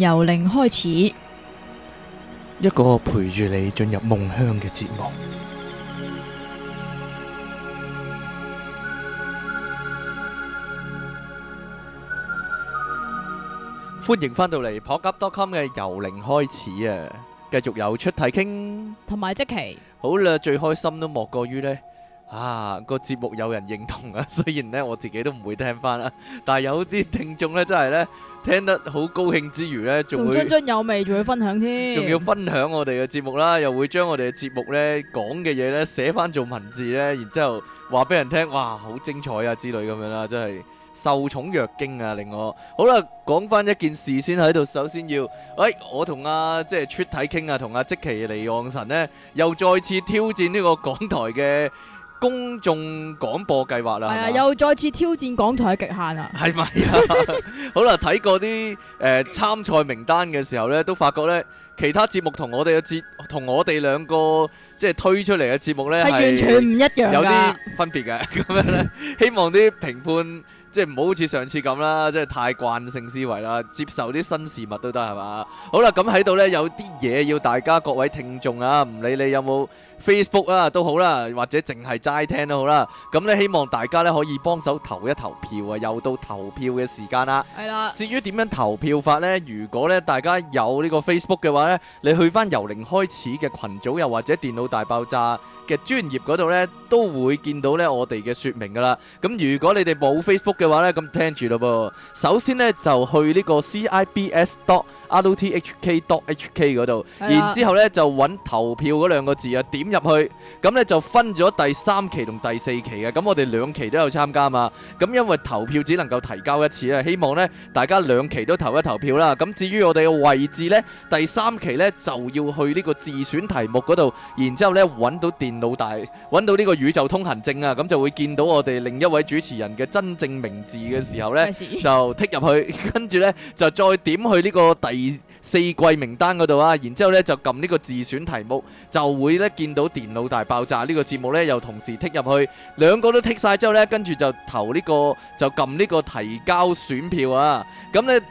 由零開始，一個陪住你進入夢鄉嘅節目。歡迎返到嚟，podcast.com 嘅由零開始啊！繼續有出題傾，同埋即期。好啦，最開心都莫過於呢。啊個節目有人認同啊，雖然咧我自己都唔會聽翻啦，但係有啲聽眾咧真係咧聽得好高興之餘咧，仲會津津有味，仲要分享添，仲要分享我哋嘅節目啦，又會將我哋嘅節目咧講嘅嘢咧寫翻做文字咧，然之後話俾人聽，哇好精彩啊之類咁樣啦，真係受寵若驚啊，令我好啦，講翻一件事先喺度，首先要，誒我同阿即係出體傾啊，同阿即其尼望臣咧又再次挑戰呢個港台嘅。公眾廣播計劃啦，係啊，又再次挑戰港台嘅極限啦，係咪啊？好啦，睇過啲誒參賽名單嘅時候呢，都發覺呢其他節目同我哋嘅節，同我哋兩個即係推出嚟嘅節目呢係完全唔一樣，有啲分別嘅。咁樣呢，希望啲評判即係唔好好似上次咁啦，即係太慣性思維啦，接受啲新事物都得係嘛？好啦，咁喺度呢有啲嘢要大家各位聽眾啊，唔理你有冇。Facebook 啊，都好啦，或者淨係齋聽都好啦。咁咧，希望大家咧可以幫手投一投票啊！又到投票嘅時間啦。係啦的。至於點樣投票法咧，如果咧大家有呢個 Facebook 嘅話咧，你去翻由零開始嘅群組，又或者電腦大爆炸嘅專業嗰度咧，都會見到咧我哋嘅說明噶啦。咁如果你哋冇 Facebook 嘅話咧，咁聽住咯噃。首先咧就去呢個 c i b s d o t r t h k d o t h k 度，的然之後咧就揾投票嗰兩個字啊，點？入去，咁呢就分咗第三期同第四期嘅，咁我哋兩期都有參加嘛。咁因為投票只能夠提交一次咧，希望呢大家兩期都投一投票啦。咁至於我哋嘅位置呢，第三期呢就要去呢個自選題目嗰度，然之後呢揾到電腦大，揾到呢個宇宙通行證啊，咁就會見到我哋另一位主持人嘅真正名字嘅時候呢， 就剔入去，跟住呢就再點去呢個第。四季名單嗰度啊，然之後咧，就撳呢個自選題目，就會呢見到電腦大爆炸呢個節目呢又同時剔入去，兩個都剔晒之後呢，跟住就投呢個就撳呢個提交選票啊，咁呢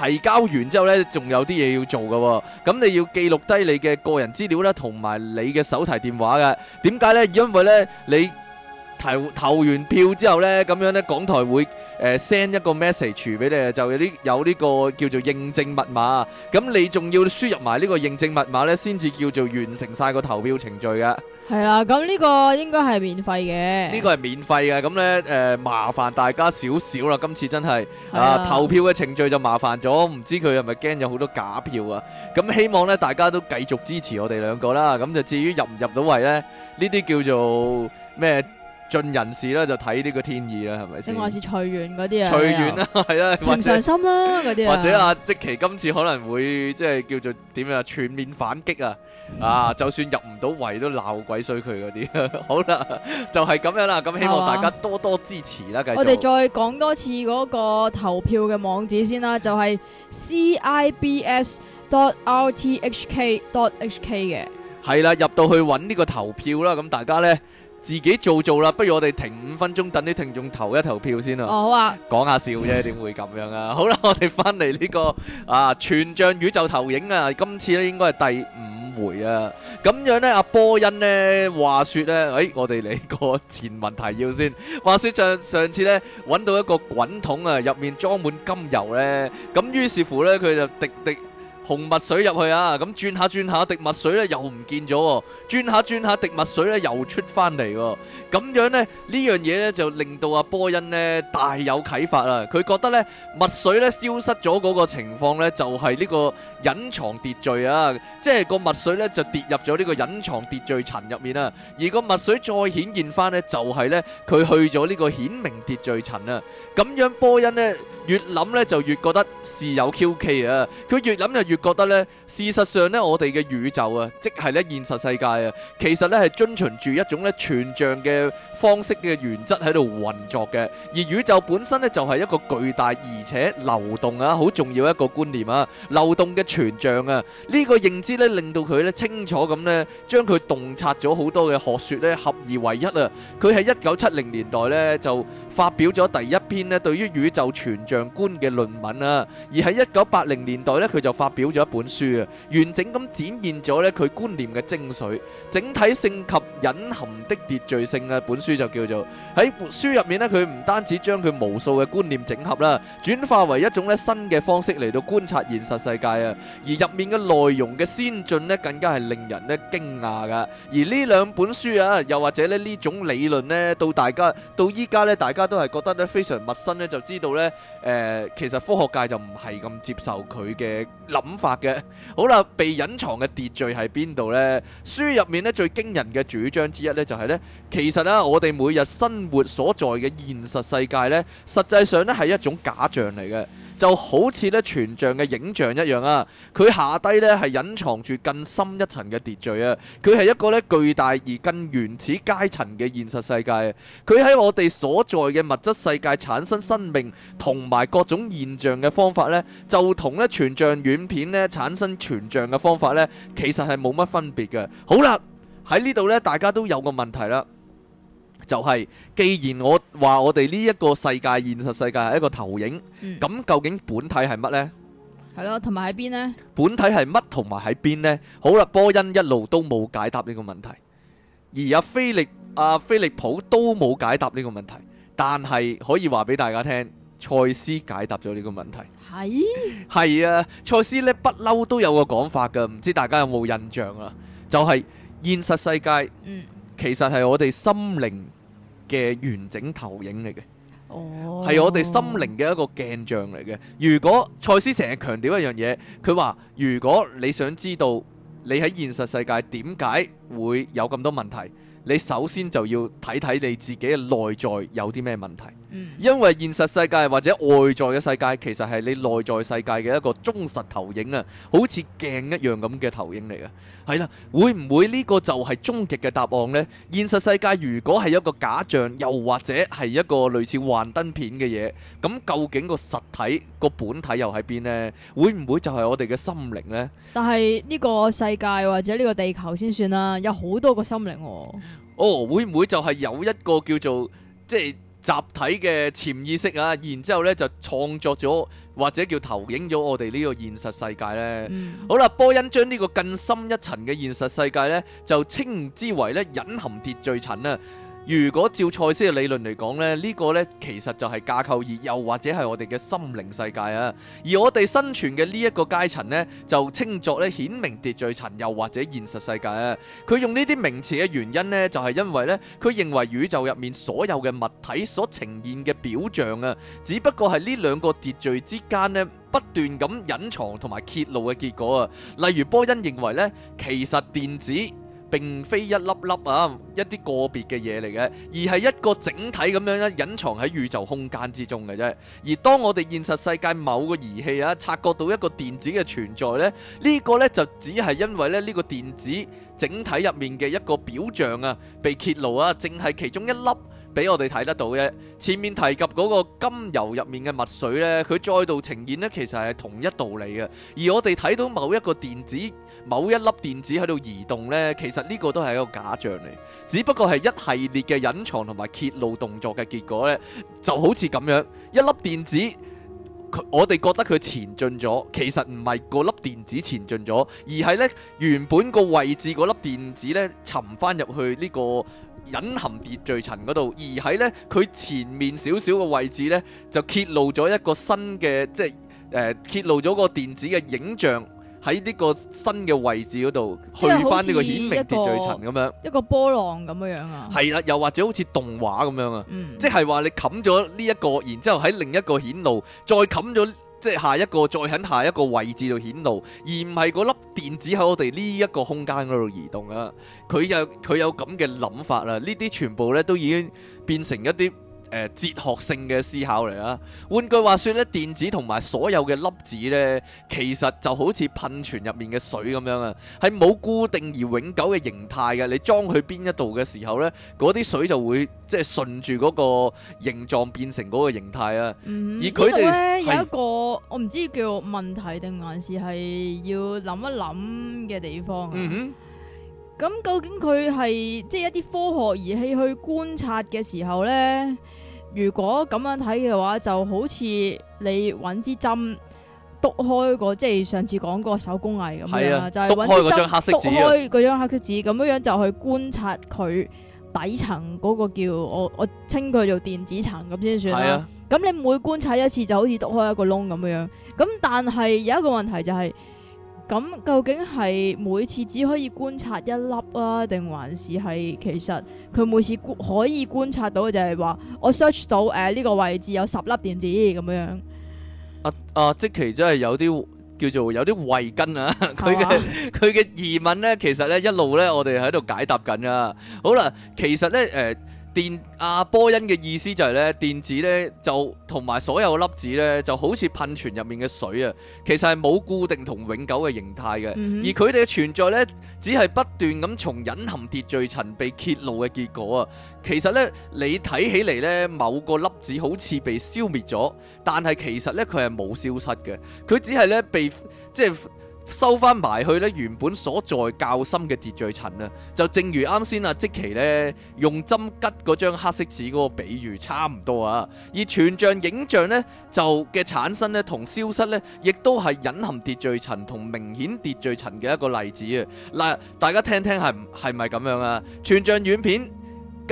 提交完之後呢，仲有啲嘢要做噶，咁你要記錄低你嘅個人資料啦，同埋你嘅手提電話嘅，點解呢？因為呢你。投投完票之後呢，咁樣呢，港台會誒 send 一個 message 俾你，就有呢有呢個叫做認證密碼啊。咁你仲要輸入埋呢個認證密碼呢，先至叫做完成晒個投票程序㗎。係啦，咁呢個應該係免費嘅。呢個係免費嘅，咁呢誒麻煩大家少少啦。今次真係啊，投票嘅程序就麻煩咗，唔知佢係咪驚有好多假票啊？咁希望呢，大家都繼續支持我哋兩個啦。咁就至於入唔入到位呢，呢啲叫做咩？盡人事啦，就睇呢個天意啦，係咪先？你話是隨緣嗰啲啊？隨緣啦，係啦，存上心啦，嗰啲啊。或者阿即、啊 啊、奇今次可能會即係叫做點樣啊？全面反擊啊！ 啊，就算入唔到圍都鬧鬼衰佢嗰啲。 好啦，就係、是、咁樣啦。咁希望大家多多支持啦。啊、繼續。我哋再講多次嗰個投票嘅網址先啦，就係、是、cibs.dot.rthk.dot.hk 嘅。係啦，入到去揾呢個投票啦。咁大家咧。自己做做啦，不如我哋停五分鐘，等啲聽眾投一投票先啦。哦，好啊，講下笑啫，點會咁樣啊？好啦，我哋翻嚟呢個啊全像宇宙投影啊，今次咧應該係第五回啊。咁樣呢，阿波恩呢話説呢，誒、哎，我哋嚟個前文提要先，話説上上次呢，揾到一個滾筒啊，入面裝滿甘油呢。咁於是乎呢，佢就滴滴。同墨水入去啊，咁轉下轉下，滴墨水咧又唔見咗，轉下轉下，滴墨水咧又出翻嚟，咁樣咧呢樣嘢咧就令到阿波恩咧大有啟發啦。佢覺得咧墨水咧消失咗嗰個情況咧就係呢個隱藏秩序啊，即係個墨水咧就跌入咗呢個隱藏秩序層入面啦。而個墨水再顯現翻咧就係咧佢去咗呢個顯明秩序層啦。咁樣波恩咧越諗咧就越覺得事有蹊蹺啊！佢越諗就越。覺得呢，事實上呢，我哋嘅宇宙啊，即係呢現實世界啊，其實呢係遵循住一種咧全像嘅方式嘅原則喺度運作嘅，而宇宙本身咧就係一個巨大而且流動啊，好重要一個觀念啊。流動嘅全像啊，呢個認知咧令到佢咧清楚咁咧，將佢洞察咗好多嘅學説咧合而為一啊。佢喺一九七零年代咧就發表咗第一篇咧對於宇宙全像觀嘅論文啊，而喺一九八零年代咧佢就發表咗一本書啊，完整咁展現咗咧佢觀念嘅精髓、整體性及隱含的秩序性啊。本書，就叫做喺本書入面咧，佢唔單止將佢無數嘅觀念整合啦，轉化為一種咧新嘅方式嚟到觀察現實世界啊！而入面嘅內容嘅先進咧，更加係令人咧驚訝噶。而呢兩本書啊，又或者咧呢種理論咧，到大家到依家咧，大家都係覺得咧非常陌生咧，就知道咧誒，其實科學界就唔係咁接受佢嘅諗法嘅。好啦，被隱藏嘅秩序喺邊度咧？書入面咧最驚人嘅主張之一咧，就係咧，其實咧，我。我哋每日生活所在嘅現實世界呢，實際上呢係一種假象嚟嘅，就好似呢全像嘅影像一樣啊！佢下低呢係隱藏住更深一層嘅秩序啊！佢係一個呢巨大而更原始階層嘅現實世界。佢喺我哋所在嘅物質世界產生生、生命同埋各種現象嘅方法呢，就同呢全像軟片呢產生全像嘅方法呢，其實係冇乜分別嘅。好啦，喺呢度呢，大家都有個問題啦。就係、是，既然我話我哋呢一個世界現實世界係一個投影，咁、嗯、究竟本體係乜呢？係咯，同埋喺邊呢？本體係乜同埋喺邊呢？好啦，波恩一路都冇解答呢個問題，而阿菲利阿菲利普都冇解答呢個問題，但係可以話俾大家聽，賽斯解答咗呢個問題。係係是 啊，賽斯呢不嬲都有個講法噶，唔知大家有冇印象啊？就係、是、現實世界。嗯其實係我哋心靈嘅完整投影嚟嘅，係、oh. 我哋心靈嘅一個鏡像嚟嘅。如果賽斯成日強調一樣嘢，佢話：如果你想知道你喺現實世界點解會有咁多問題，你首先就要睇睇你自己嘅內在有啲咩問題。因為現實世界或者外在嘅世界，其實係你內在世界嘅一個忠實投影啊，好似鏡一樣咁嘅投影嚟嘅。係啦，會唔會呢個就係終極嘅答案呢？現實世界如果係一個假象，又或者係一個類似幻燈片嘅嘢，咁究竟個實體個本體又喺邊呢？會唔會就係我哋嘅心靈呢？但係呢個世界或者呢個地球先算啦，有好多個心靈哦。哦，會唔會就係有一個叫做即係？集體嘅潛意識啊，然之後咧就創作咗或者叫投影咗我哋呢個現實世界咧。嗯、好啦，波恩將呢個更深一層嘅現實世界咧，就稱之為咧隱含秩序層啊。如果照塞斯嘅理論嚟講咧，呢個咧其實就係架構二，又或者係我哋嘅心靈世界啊。而我哋生存嘅呢一個階層呢就稱作咧顯明秩序層，又或者現實世界啊。佢用呢啲名詞嘅原因呢就係因為咧，佢認為宇宙入面所有嘅物體所呈現嘅表象啊，只不過係呢兩個秩序之間咧不斷咁隱藏同埋揭露嘅結果啊。例如波恩認為呢其實電子。並非一粒粒啊，一啲個別嘅嘢,嚟嘅，而係一個整體咁樣咧，隱藏喺宇宙空間之中嘅啫。而當我哋現實世界某個儀器啊，察覺到一個電子嘅存在呢，呢個呢，就只係因為咧呢個電子整體入面嘅一個表象啊，被揭露啊，淨係其中一粒。俾我哋睇得到嘅。前面提及嗰個甘油入面嘅墨水呢，佢再度呈現呢，其實係同一道理嘅。而我哋睇到某一個電子，某一粒電子喺度移動呢，其實呢個都係一個假象，嚟，只不過係一系列嘅隱藏同埋揭露動作嘅結果呢，就好似咁樣，一粒電子，我哋覺得佢前進咗，其實唔係個粒電子前進咗，而係呢，原本個位置嗰粒電子呢沉翻入去呢，這個隱含秩序層嗰度，而喺呢，佢前面少少嘅位置呢，就揭露咗一個新嘅，即係誒、呃、揭露咗個電子嘅影像喺呢個新嘅位置嗰度，去返呢個顯明秩序層咁樣，一個波浪咁樣啊，係啦，又或者好似動畫咁樣啊，嗯、即係話你冚咗呢一個，然之後喺另一個顯露，再冚咗。即係下一個再喺下一個位置度顯露，而唔係嗰粒電子喺我哋呢一個空間嗰度移動啊！佢有佢有咁嘅諗法啦，呢啲全部咧都已經變成一啲。誒，哲學性嘅思考嚟啊！換句話說咧，電子同埋所有嘅粒子咧，其實就好似噴泉入面嘅水咁樣啊，係冇固定而永久嘅形態嘅。你裝去邊一度嘅時候咧，嗰啲水就會即係順住嗰個形狀變成嗰個形態啊。嗯，而佢哋呢度咧是有一個我唔知叫問題定還是係要諗一諗嘅地方啊。嗯哼，咁究竟佢係即係一啲科學儀器去觀察嘅時候咧？如果咁樣睇嘅話，就好似你揾支針，篤開，嗰個即係上次講嗰個手工藝咁樣，啊、就係揾支針篤開嗰張黑色紙，咁樣就去觀察佢底層嗰個叫我我稱佢做電子層咁先算啦。咁，啊、你每觀察一次就好似篤開一個窿咁樣，咁但係有一個問題就係，是。咁究竟係每次只可以觀察一粒啊，定還是係其實佢每次可以觀察到嘅就係話我 search 到誒呢個位置有十粒電子咁樣？阿阿、啊啊、即其真係有啲叫做有啲慧根啊！佢嘅佢嘅疑問呢，其實呢一路呢，我哋喺度解答緊啊！好啦，其實呢。誒、呃。電阿、啊、波恩嘅意思就係咧，電子咧就同埋所有粒子咧就好似噴泉入面嘅水啊，其實係冇固定同永久嘅形態嘅，嗯、哼而佢哋嘅存在咧只係不斷咁從隱含秩序層被揭露嘅結果啊。其實咧你睇起嚟咧某個粒子好似被消滅咗，但係其實咧佢係冇消失嘅，佢只係咧被即係，收翻埋去咧，原本所在較深嘅秩序層啊，就正如啱先啊，即奇咧用針吉嗰張黑色紙嗰個比喻差唔多啊。而全像影像咧就嘅產生咧同消失咧，亦都係隱含秩序層同明顯秩序層嘅一個例子啊。嗱，大家聽聽係係咪咁樣啊？全像軟片。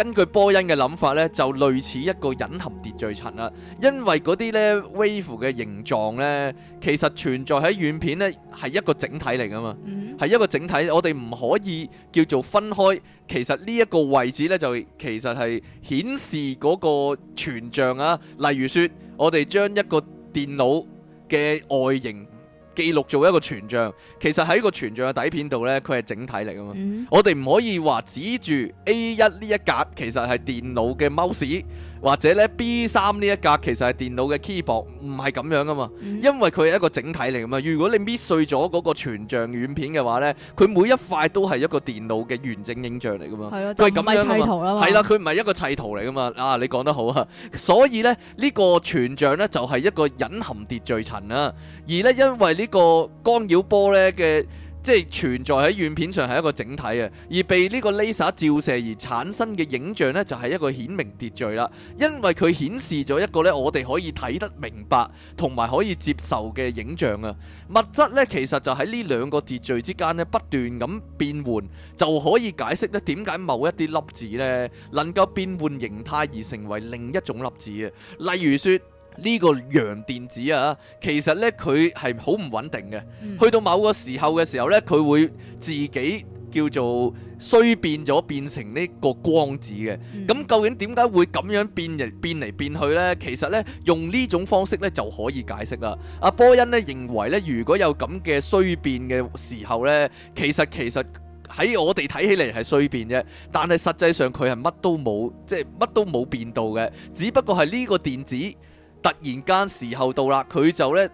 根據波音嘅諗法呢，就類似一個隱含秩序層、啊、啦，因為嗰啲咧 wave 嘅形狀呢，其實存在喺軟片呢，係一個整體嚟噶嘛。係、mm hmm. 一個整體，我哋唔可以叫做分開。其實呢一個位置呢，就其實係顯示嗰個全像啊。例如說，我哋將一個電腦嘅外形。記錄做一個全像，其實喺個全像嘅底片度呢，佢係整體嚟㗎嘛。嗯、我哋唔可以話指住 A1 呢一格，其實係電腦嘅 mouse。或者咧 B 三呢一格其實係電腦嘅 keyboard，唔係咁樣噶嘛，因為佢係一個整體嚟噶嘛。如果你搣碎咗嗰個全像軟片嘅話咧，佢每一塊都係一個電腦嘅完整影像嚟噶嘛。係咯，就唔係砌圖啦嘛。係啦，佢唔係一個砌圖嚟噶嘛。啊，你講得好啊。所以咧，呢個全像咧就係一個隱含秩序層啦。而咧因為呢個干擾波咧嘅。即係存在喺軟片上係一個整體啊，而被呢個 LASER 照射而產生嘅影像呢，就係一個顯明秩序啦。因為佢顯示咗一個呢，我哋可以睇得明白同埋可以接受嘅影像啊。物質呢，其實就喺呢兩個秩序之間呢不斷咁變換，就可以解釋呢點解某一啲粒子呢能夠變換形態而成為另一種粒子啊。例如說。呢個陽電子啊，其實呢，佢係好唔穩定嘅。嗯、去到某個時候嘅時候呢，佢會自己叫做衰變咗，變成呢個光子嘅。咁、嗯、究竟點解會咁樣變嚟變嚟變去呢？其實呢，用呢種方式呢就可以解釋啦。阿波恩呢認為呢，如果有咁嘅衰變嘅時候呢，其實其實喺我哋睇起嚟係衰變嘅，但係實際上佢係乜都冇，即係乜都冇變到嘅，只不過係呢個電子。突然間時候到啦，佢就呢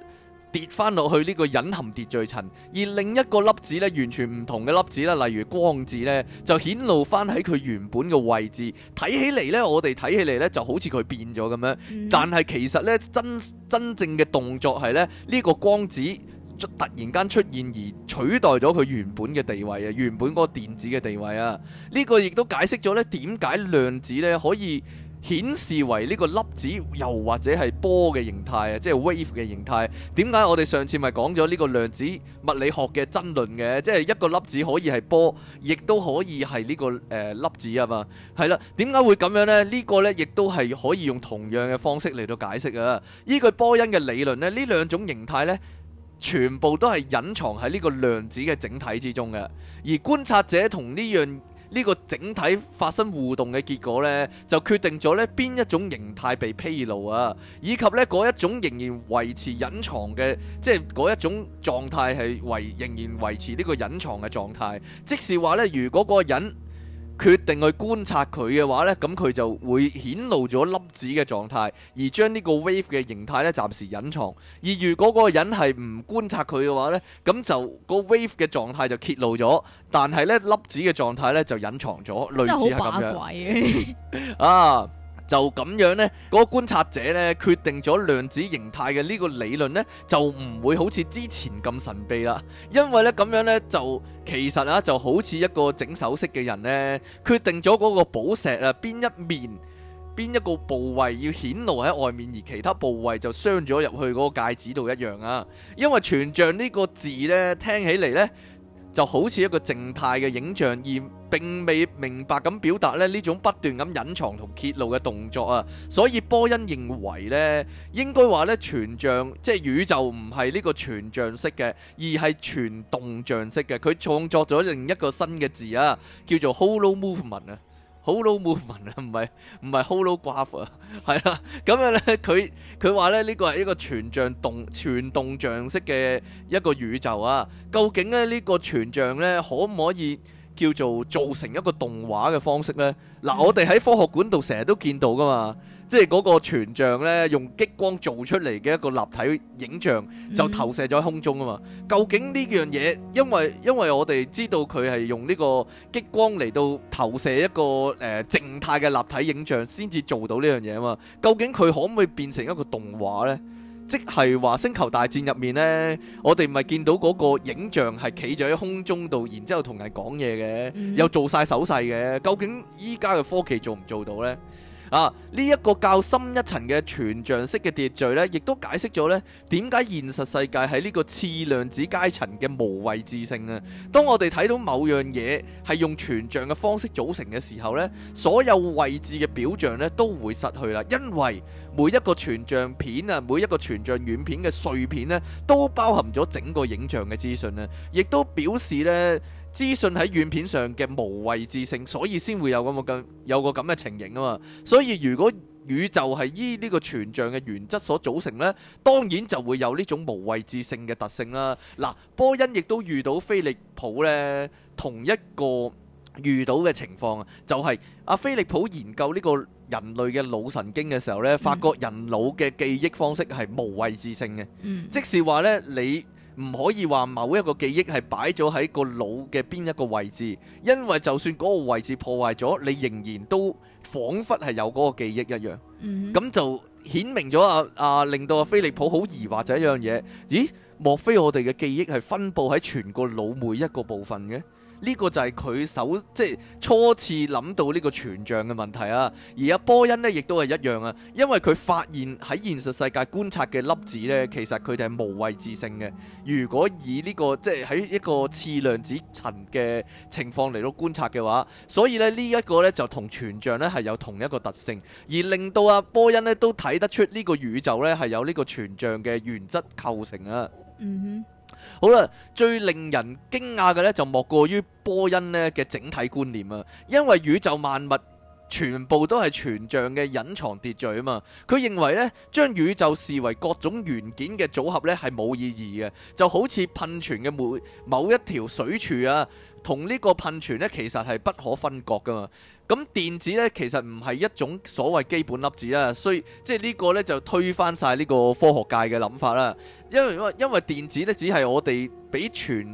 跌翻落去呢個隱含秩序層，而另一個粒子呢，完全唔同嘅粒子呢，例如光子呢，就顯露翻喺佢原本嘅位置。睇起嚟呢，我哋睇起嚟呢，就好似佢變咗咁樣，嗯、但係其實呢，真真正嘅動作係呢呢個光子突然間出現而取代咗佢原本嘅地、地位啊，原本嗰個電子嘅地位啊，呢個亦都解釋咗呢點解量子呢可以。顯示為呢個粒子，又或者係波嘅形態啊，即係 wave 嘅形態。點解我哋上次咪講咗呢個量子物理學嘅爭論嘅？即係一個粒子可以係波，亦都可以係呢個誒粒子啊嘛。係啦，點解會咁樣呢？呢個呢，亦都係可以用同樣嘅方式嚟到解釋啊。依據波恩嘅理論呢，呢兩種形態呢，全部都係隱藏喺呢個量子嘅整體之中嘅。而觀察者同呢樣。呢個整體發生互動嘅結果呢，就決定咗呢邊一種形態被披露啊，以及呢嗰一種仍然維持隱藏嘅，即係嗰一種狀態係維仍然維持呢個隱藏嘅狀態，即是話呢，如果個人。決定去觀察佢嘅話呢，咁佢就會顯露咗粒子嘅狀態，而將呢個 wave 嘅形態呢，暫時隱藏。而如果嗰個人係唔觀察佢嘅話呢，咁就個 wave 嘅狀態就揭露咗，但係呢粒子嘅狀態呢，就隱藏咗，類似係咁樣。真係好八卦嘅啊！ 啊就咁樣呢，個觀察者呢，決定咗量子形態嘅呢個理論呢，就唔會好似之前咁神秘啦。因為呢，咁樣呢，就其實啊，就好似一個整首飾嘅人呢，決定咗嗰個寶石啊邊一面、邊一個部位要顯露喺外面，而其他部位就鑲咗入去嗰個戒指度一樣啊。因為全像呢個字呢，聽起嚟呢，就好似一個靜態嘅影像，而並未明白咁表達呢呢種不斷咁隱藏同揭露嘅動作啊，所以波音認為呢，應該話呢，全像即係宇宙唔係呢個全像式嘅，而係全動像式嘅。佢創作咗另一個新嘅字啊，叫做 holomovement 啊。Hollow movement 啊，唔係唔係 hollow graph 啊，係啦，咁 樣咧，佢，佢話咧，呢個係一個全像動，全動像式嘅一個宇宙啊，究竟咧呢、呢個全像咧可唔可以叫做造成一個動畫嘅方式咧？嗱，我哋喺科學館度成日都見到噶嘛。即係嗰個全像咧，用激光做出嚟嘅一個立體影像，就投射咗喺空中啊嘛！究竟呢樣嘢，因為因為我哋知道佢係用呢個激光嚟到投射一個誒靜態嘅立體影像，先至做到呢樣嘢啊嘛！究竟佢可唔可以變成一個動畫呢？即係話星球大戰入面呢，我哋咪見到嗰個影像係企咗喺空中度，然之後同人講嘢嘅，嗯、又做晒手勢嘅。究竟依家嘅科技做唔做到呢？啊！呢一個較深一層嘅全像式嘅秩序咧，亦都解釋咗咧點解現實世界喺呢個次量子階層嘅無位置性啊！當我哋睇到某樣嘢係用全像嘅方式組成嘅時候咧，所有位置嘅表象咧都會失去啦，因為每一個全像片啊，每一個全像軟片嘅碎片咧，都包含咗整個影像嘅資訊啊，亦都表示咧。資訊喺軟片上嘅無位置性，所以先會有咁個咁有個咁嘅情形啊嘛。所以如果宇宙係依呢個全像嘅原則所組成咧，當然就會有呢種無位置性嘅特性啦。嗱，波恩亦都遇到菲利普咧同一個遇到嘅情況啊，就係阿菲利普研究呢個人類嘅腦神經嘅時候咧，發覺人腦嘅記憶方式係無位置性嘅，即是話咧你，唔可以話某一個記憶係擺咗喺個腦嘅邊一個位置，因為就算嗰個位置破壞咗，你仍然都仿佛係有嗰個記憶一樣。咁、mm hmm. 就顯明咗啊啊，令到阿、啊、飛利浦好疑惑就一樣嘢。咦？莫非我哋嘅記憶係分佈喺全個腦每一個部分嘅？呢個就係佢首即係初次諗到呢個全像嘅問題啊！而阿波恩呢，亦都係一樣啊，因為佢發現喺現實世界觀察嘅粒子呢，其實佢哋係無位置性嘅。如果以呢個即係喺一個次量子層嘅情況嚟到觀察嘅話，所以咧呢一個呢，就同全像呢係有同一個特性，而令到阿波恩呢都睇得出呢個宇宙呢係有呢個全像嘅原則構成啊。嗯哼、mm。Hmm. 好啦，最令人驚訝嘅呢，就莫過於波恩呢嘅整體觀念啊，因為宇宙萬物全部都係全像嘅隱藏秩序啊嘛。佢認為呢,將宇宙視為各種元件嘅組合呢係冇意義嘅，就好似噴泉嘅每某一條水柱啊。同呢個噴泉呢，其實係不可分割㗎嘛。咁電子呢，其實唔係一種所謂基本粒子啊，所以即係呢個呢，就推翻晒呢個科學界嘅諗法啦。因為因為電子呢，只係我哋俾全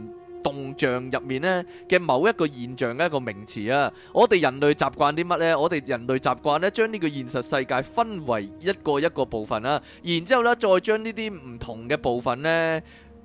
動像入面呢嘅某一個現象嘅一個名詞啊。我哋人類習慣啲乜呢？我哋人類習慣呢，將呢個現實世界分為一個一個部分啦，然之後呢，再將呢啲唔同嘅部分呢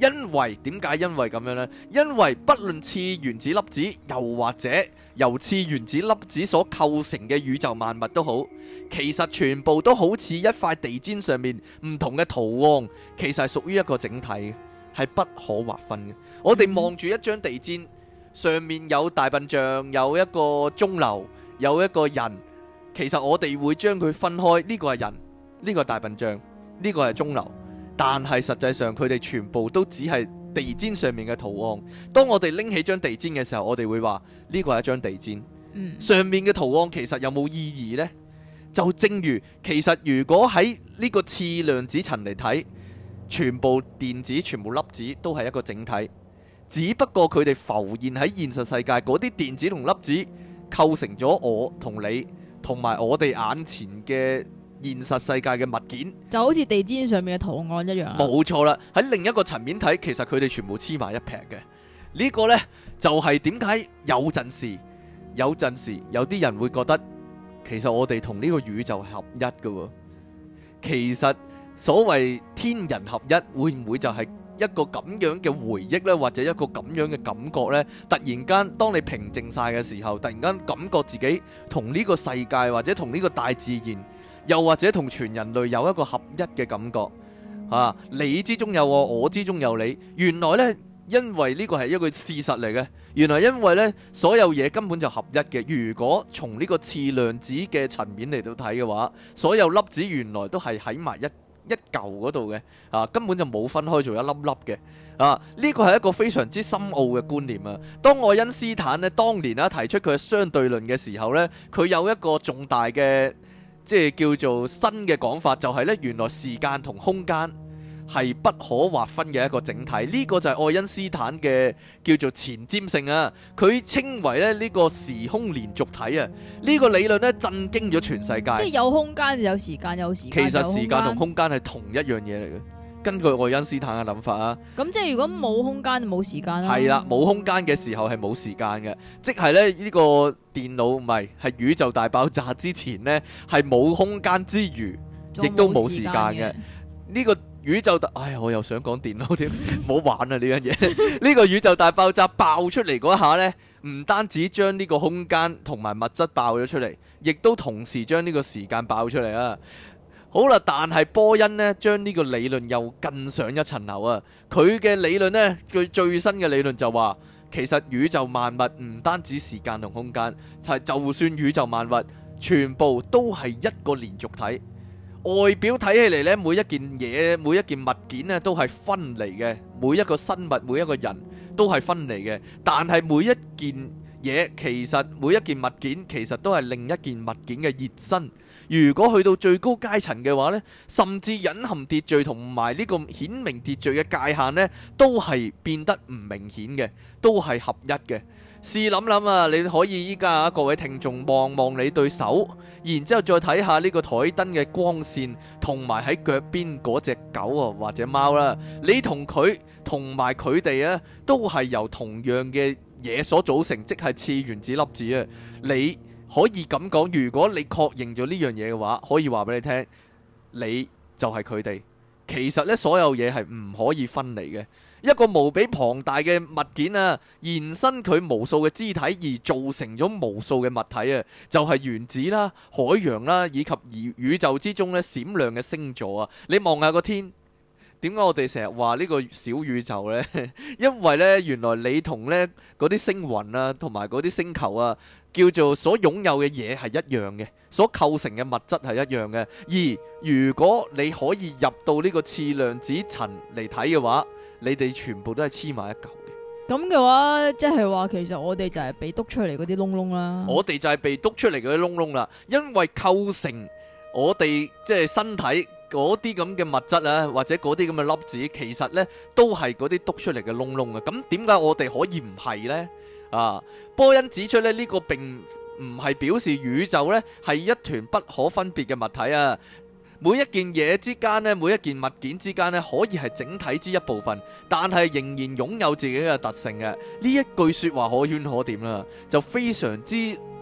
因為點解因為咁樣呢？因為不論次原子粒子，又或者由次原子粒子所構成嘅宇宙萬物都好，其實全部都好似一塊地氈上面唔同嘅圖案，其實係屬於一個整體嘅，係不可劃分嘅。我哋望住一張地氈上面有大笨象，有一個鐘樓，有一個人，其實我哋會將佢分開。呢個係人，呢個大笨象，呢個係鐘樓。但係實際上，佢哋全部都只係地氈上面嘅圖案。當我哋拎起張地氈嘅時候，我哋會話呢個係一張地氈，上面嘅圖案其實有冇意義呢？就正如其實如果喺呢個次量子層嚟睇，全部電子、全部粒子都係一個整體。只不過佢哋浮現喺現實世界嗰啲電子同粒子，構成咗我同你同埋我哋眼前嘅現實世界嘅物件就好似地氈上面嘅圖案一樣，冇錯啦。喺另一個層面睇，其實佢哋全部黐埋一劈嘅。呢個呢，就係點解有陣時，有陣時有啲人會覺得，其實我哋同呢個宇宙合一嘅哦。其實所謂天人合一，會唔會就係一個咁樣嘅回憶呢？或者一個咁樣嘅感覺呢？突然間，當你平靜晒嘅時候，突然間感覺自己同呢個世界或者同呢個大自然。又或者同全人類有一個合一嘅感覺，啊！你之中有我，我之中有你。原來呢，因為呢個係一個事實嚟嘅。原來因為呢，所有嘢根本就合一嘅。如果從呢個次量子嘅層面嚟到睇嘅話，所有粒子原來都係喺埋一一嚿嗰度嘅，啊，根本就冇分開做一粒粒嘅。啊，呢個係一個非常之深奧嘅觀念啊！當愛因斯坦呢，當年啊提出佢嘅相對論嘅時候呢，佢有一個重大嘅。即係叫做新嘅講法，就係呢。原來時間同空間係不可劃分嘅一個整體。呢個就係愛因斯坦嘅叫做前瞻性啊，佢稱為咧呢個時空連續體啊。呢個理論呢，震驚咗全世界。即係有空間，有時間，有時間，有空間。其實時間同空間係同一樣嘢嚟嘅。根據愛因斯坦嘅諗法啊，咁即係如果冇空間就冇時間啦。係啦，冇空間嘅時候係冇時間嘅，即係咧呢個電腦唔係宇宙大爆炸之前呢，係冇空間之餘，亦都冇時間嘅。呢個宇宙大，哎呀，我又想講電腦，點唔好玩啊呢樣嘢。呢 個宇宙大爆炸爆出嚟嗰下呢，唔單止將呢個空間同埋物質爆咗出嚟，亦都同時將呢個時間爆出嚟啊！好啦，但係波恩呢，將呢個理論又更上一層樓啊！佢嘅理論呢，最最新嘅理論就話，其實宇宙萬物唔單止時間同空間，係就算宇宙萬物，全部都係一個連續體。外表睇起嚟，呢每一件嘢，每一件物件呢，都係分離嘅；每一個生物，每一個人，都係分離嘅。但係每一件嘢，其實每一件物件，其實都係另一件物件嘅熱身。如果去到最高階層嘅話呢，甚至隱含秩序同埋呢個顯明秩序嘅界限呢，都係變得唔明顯嘅，都係合一嘅。試諗諗啊，你可以依家啊，各位聽眾望望你對手，然之後再睇下呢個台燈嘅光線，同埋喺腳邊嗰隻狗啊或者貓啦、啊，你同佢同埋佢哋啊，都係由同樣嘅嘢所組成，即係次原子粒子啊，你。可以咁講，如果你確認咗呢樣嘢嘅話，可以話俾你聽，你就係佢哋。其實呢，所有嘢係唔可以分離嘅。一個無比龐大嘅物件啊，延伸佢無數嘅肢體而造成咗無數嘅物體啊，就係原子啦、海洋啦，以及而宇宙之中呢閃亮嘅星座啊。你望下個天，點解我哋成日話呢個小宇宙呢？ 因為呢，原來你同呢嗰啲星雲啊，同埋嗰啲星球啊。叫做所擁有嘅嘢係一樣嘅，所構成嘅物質係一樣嘅。而如果你可以入到呢個次量子層嚟睇嘅話，你哋全部都係黐埋一嚿嘅。咁嘅話，即係話其實我哋就係被篤出嚟嗰啲窿窿啦。我哋就係被篤出嚟嗰啲窿窿啦，因為構成我哋即係身體嗰啲咁嘅物質啊，或者嗰啲咁嘅粒子，其實呢都係嗰啲篤出嚟嘅窿窿啊。咁點解我哋可以唔係呢？啊！波恩指出咧，呢個並唔係表示宇宙咧係一團不可分別嘅物體啊，每一件嘢之間咧，每一件物件之間咧，可以係整體之一部分，但係仍然擁有自己嘅特性嘅。呢一句說話可圈可點啦，就非常之。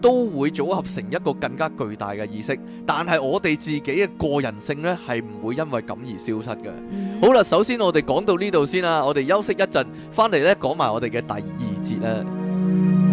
都會組合成一個更加巨大嘅意識，但係我哋自己嘅個人性呢，係唔會因為咁而消失嘅。Mm hmm. 好啦，首先我哋講到呢度先啦，我哋休息一陣，翻嚟呢講埋我哋嘅第二節啦。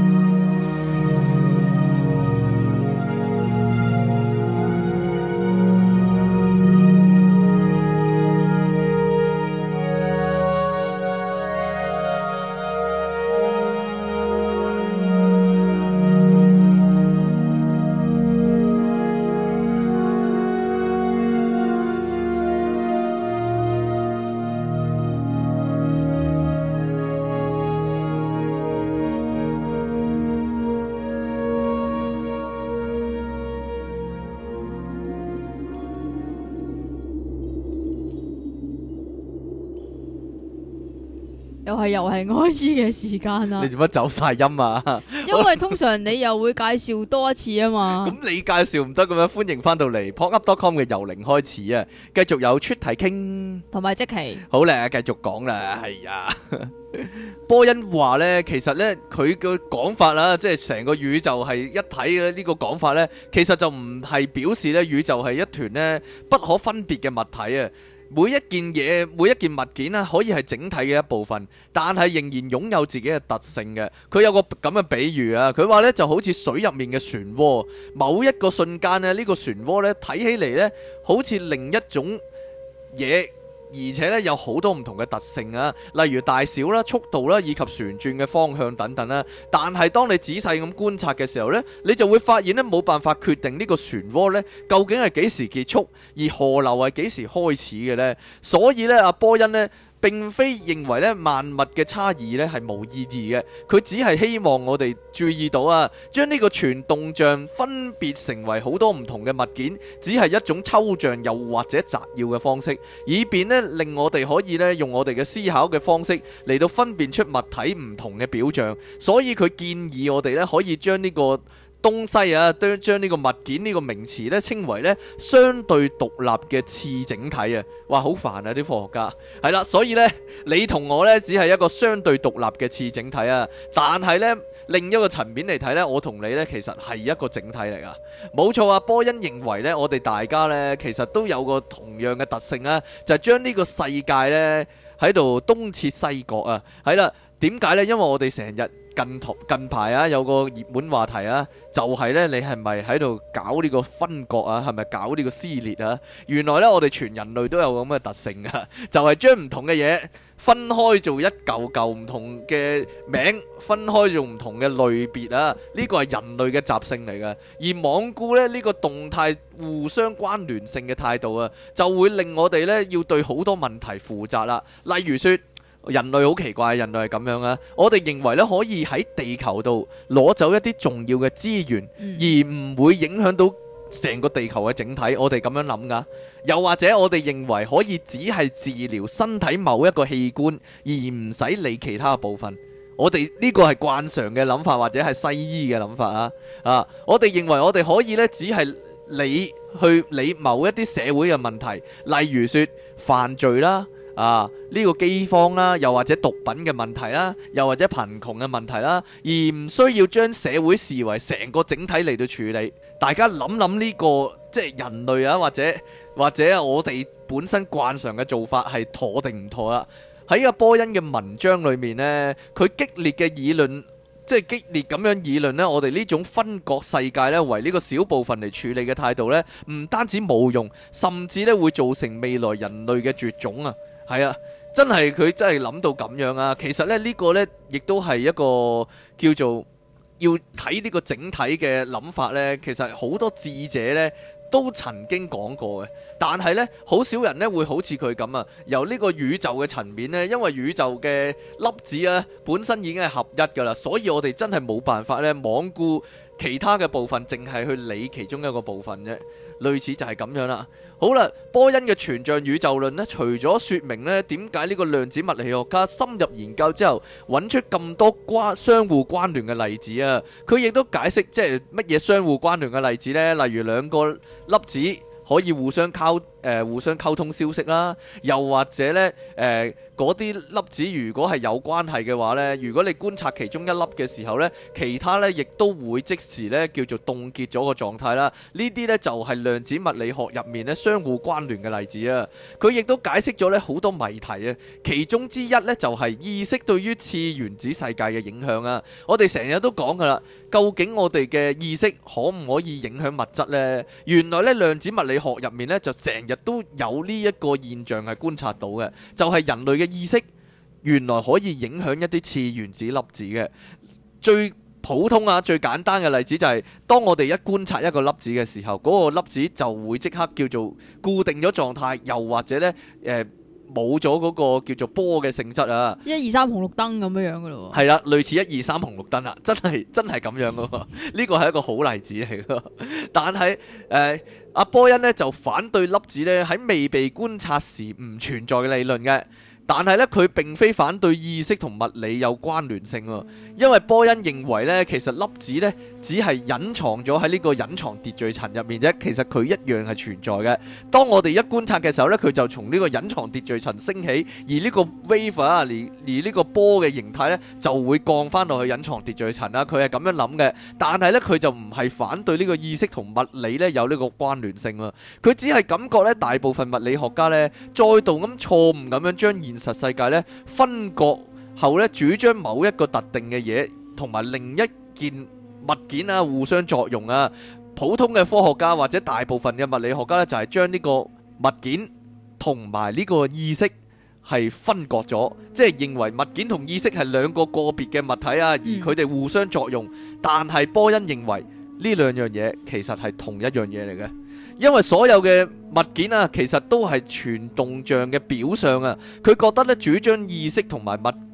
開始嘅時間啊！你做乜走晒音啊？因為通常你又會介紹多一次啊嘛。咁 你介紹唔得咁樣，歡迎翻到嚟 popup.com 嘅由零開始啊！繼續有出題傾，同埋即期。好咧，繼續講啦。係啊， 波恩話咧，其實咧佢嘅講法啦，即係成個宇宙係一體嘅呢個講法咧，其實就唔係表示咧宇宙係一團咧不可分別嘅物體啊。每一件嘢，每一件物件呢，可以係整體嘅一部分，但係仍然擁有自己嘅特性嘅。佢有個咁嘅比喻啊，佢話呢就好似水入面嘅漩渦，某一個瞬間呢，呢個漩渦呢睇起嚟呢好似另一種嘢。而且咧有好多唔同嘅特性啊，例如大小啦、速度啦以及旋轉嘅方向等等啦。但係當你仔細咁觀察嘅時候咧，你就會發現咧冇辦法決定呢個漩渦咧究竟係幾時結束，而河流係幾時開始嘅咧。所以咧阿波恩咧。並非認為咧萬物嘅差異咧係無意義嘅，佢只係希望我哋注意到啊，將呢個全動像分別成為好多唔同嘅物件，只係一種抽象又或者摘要嘅方式，以便咧令我哋可以咧用我哋嘅思考嘅方式嚟到分辨出物體唔同嘅表象。所以佢建議我哋咧可以將呢個。東西啊，將將呢個物件呢個名詞呢稱為呢相對獨立嘅次整體啊，哇，好煩啊啲科學家。係啦，所以呢，你同我呢，只係一個相對獨立嘅次整體啊，但係呢，另一個層面嚟睇呢，我同你呢，其實係一個整體嚟噶，冇錯啊。波恩認為呢，我哋大家呢，其實都有個同樣嘅特性啦、啊，就係將呢個世界呢，喺度東切西割啊。係啦，點解呢？因為我哋成日。近同近排啊，有個熱門話題啊，就係咧，你係咪喺度搞呢個分割啊？係咪搞呢個撕裂啊？原來咧，我哋全人類都有咁嘅特性啊，就係將唔同嘅嘢分開做一嚿嚿唔同嘅名，分開做唔同嘅類別啊。呢個係人類嘅習性嚟噶，而罔顧咧呢個動態互相關聯性嘅態度啊，就會令我哋咧要對好多問題負責啦。例如說。人類好奇怪，人類係咁樣啊，我哋認為可以喺地球度攞走一啲重要嘅資源，而唔會影響到成個地球嘅整體，我哋咁樣諗㗎。又或者我哋認為可以只係治療身體某一個器官，而唔使理其他嘅部分，我哋，呢個係慣常嘅諗法，或者係西醫嘅諗法啊。我哋認為我哋可以只係理去理某一啲社會嘅問題，例如說犯罪啦，啊！呢個饑荒啦，又或者毒品嘅問題啦，又或者貧窮嘅問題啦，而唔需要將社會視為成個整體嚟，到處理。大家諗諗呢個即係人類啊，或者或者我哋本身慣常嘅做法係妥定唔妥啦？喺個波恩嘅文章裏面呢，佢激烈嘅議論，即係激烈咁樣議論呢，我哋呢種分割世界呢，為呢個小部分嚟處理嘅態度呢，唔單止冇用，甚至呢會造成未來人類嘅絕種啊！係啊，真係佢真係諗到咁樣啊！其實咧呢個呢，亦都係一個叫做要睇呢個整體嘅諗法呢。其實好多智者呢都曾經講過嘅，但係呢，好少人呢會好似佢咁啊！由呢個宇宙嘅層面呢，因為宇宙嘅粒子啊本身已經係合一噶啦，所以我哋真係冇辦法呢罔顧其他嘅部分，淨係去理其中一個部分啫。類似就係咁樣啦。好啦，波恩嘅全像宇宙論呢，除咗說明呢點解呢個量子物理學家深入研究之後搵出咁多關相互關聯嘅例子啊，佢亦都解釋，即係乜嘢相互關聯嘅例子呢？例如兩個粒子。可以互相靠誒、呃、互相溝通消息啦，又或者呢，誒，嗰啲粒子如果係有關係嘅話呢，如果你觀察其中一粒嘅時候呢，其他呢亦都會即時呢叫做凍結咗個狀態啦。呢啲呢就係量子物理學入面呢相互關聯嘅例子啊。佢亦都解釋咗呢好多謎題啊，其中之一呢就係意識對於次原子世界嘅影響啊。我哋成日都講㗎喇。究竟我哋嘅意識可唔可以影響物質呢？原來呢量子物理學入面呢就成日都有呢一個現象係觀察到嘅，就係人類嘅意識原來可以影響一啲次原子粒子嘅。最普通啊，最簡單嘅例子就係當我哋一觀察一個粒子嘅時候，嗰個粒子就會即刻叫做固定咗狀態，又或者呢誒。冇咗嗰個叫做波嘅性質啊！一二三紅綠燈咁樣樣嘅咯喎，係啦、啊，類似一二三紅綠燈啊，真係真係咁樣嘅喎，呢個係一個好例子嚟咯。但係誒，阿、呃、波恩呢，就反對粒子呢喺未被觀察時唔存在嘅理論嘅。但係咧，佢並非反對意識同物理有關聯性喎，因為波恩認為咧，其實粒子咧只係隱藏咗喺呢個隱藏秩序層入面啫，其實佢一樣係存在嘅。當我哋一觀察嘅時候咧，佢就從呢個隱藏秩序層升起，而呢個 wave 啊，而而呢個波嘅形態咧就會降翻落去隱藏秩序層啦。佢係咁樣諗嘅，但係咧佢就唔係反對呢個意識同物理咧有呢個關聯性喎，佢只係感覺咧大部分物理學家咧再度咁錯誤咁樣將現現實世界咧分割後咧主張某一個特定嘅嘢同埋另一件物件啊互相作用啊，普通嘅科學家或者大部分嘅物理學家咧就係將呢個物件同埋呢個意識係分割咗，即係認為物件同意識係兩個個別嘅物體啊，而佢哋互相作用，但係波恩認為呢兩樣嘢其實係同一樣嘢嚟嘅。因為所有嘅物件啊，其實都係全動像嘅表象啊，佢覺得咧主張意識同埋物。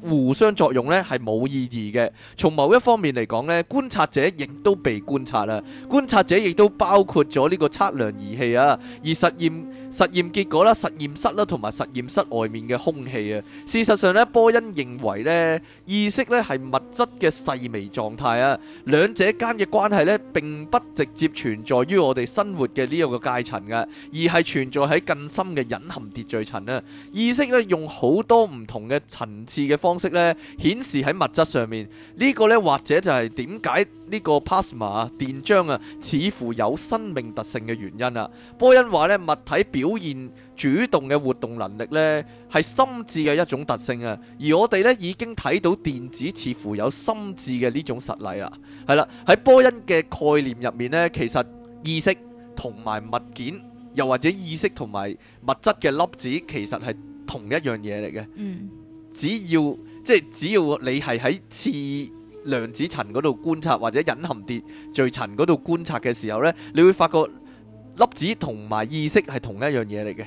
互相作用呢，係冇意義嘅。從某一方面嚟講呢，觀察者亦都被觀察啦。觀察者亦都包括咗呢個測量儀器啊，而實驗實驗結果啦、實驗室啦同埋實驗室外面嘅空氣啊。事實上呢，波恩認為呢意識呢係物質嘅細微狀態啊，兩者間嘅關係呢並不直接存在於我哋生活嘅呢個階層噶，而係存在喺更深嘅隱含秩序層啊，意識呢用好多唔同嘅層次。嘅方式咧，顯示喺物質上面、這個、呢個咧，或者就係點解呢個 plasma 電漿啊，似乎有生命特性嘅原因啦、啊。波恩話咧，物體表現主動嘅活動能力咧，係心智嘅一種特性啊。而我哋咧已經睇到電子似乎有心智嘅呢種實例啊。係啦，喺波恩嘅概念入面咧，其實意識同埋物件，又或者意識同埋物質嘅粒子，其實係同一樣嘢嚟嘅。嗯。只要即係只要你係喺次量子層度觀察，或者隱含疊聚層度觀察嘅時候咧，你會發覺粒子同埋意識係同一樣嘢嚟嘅。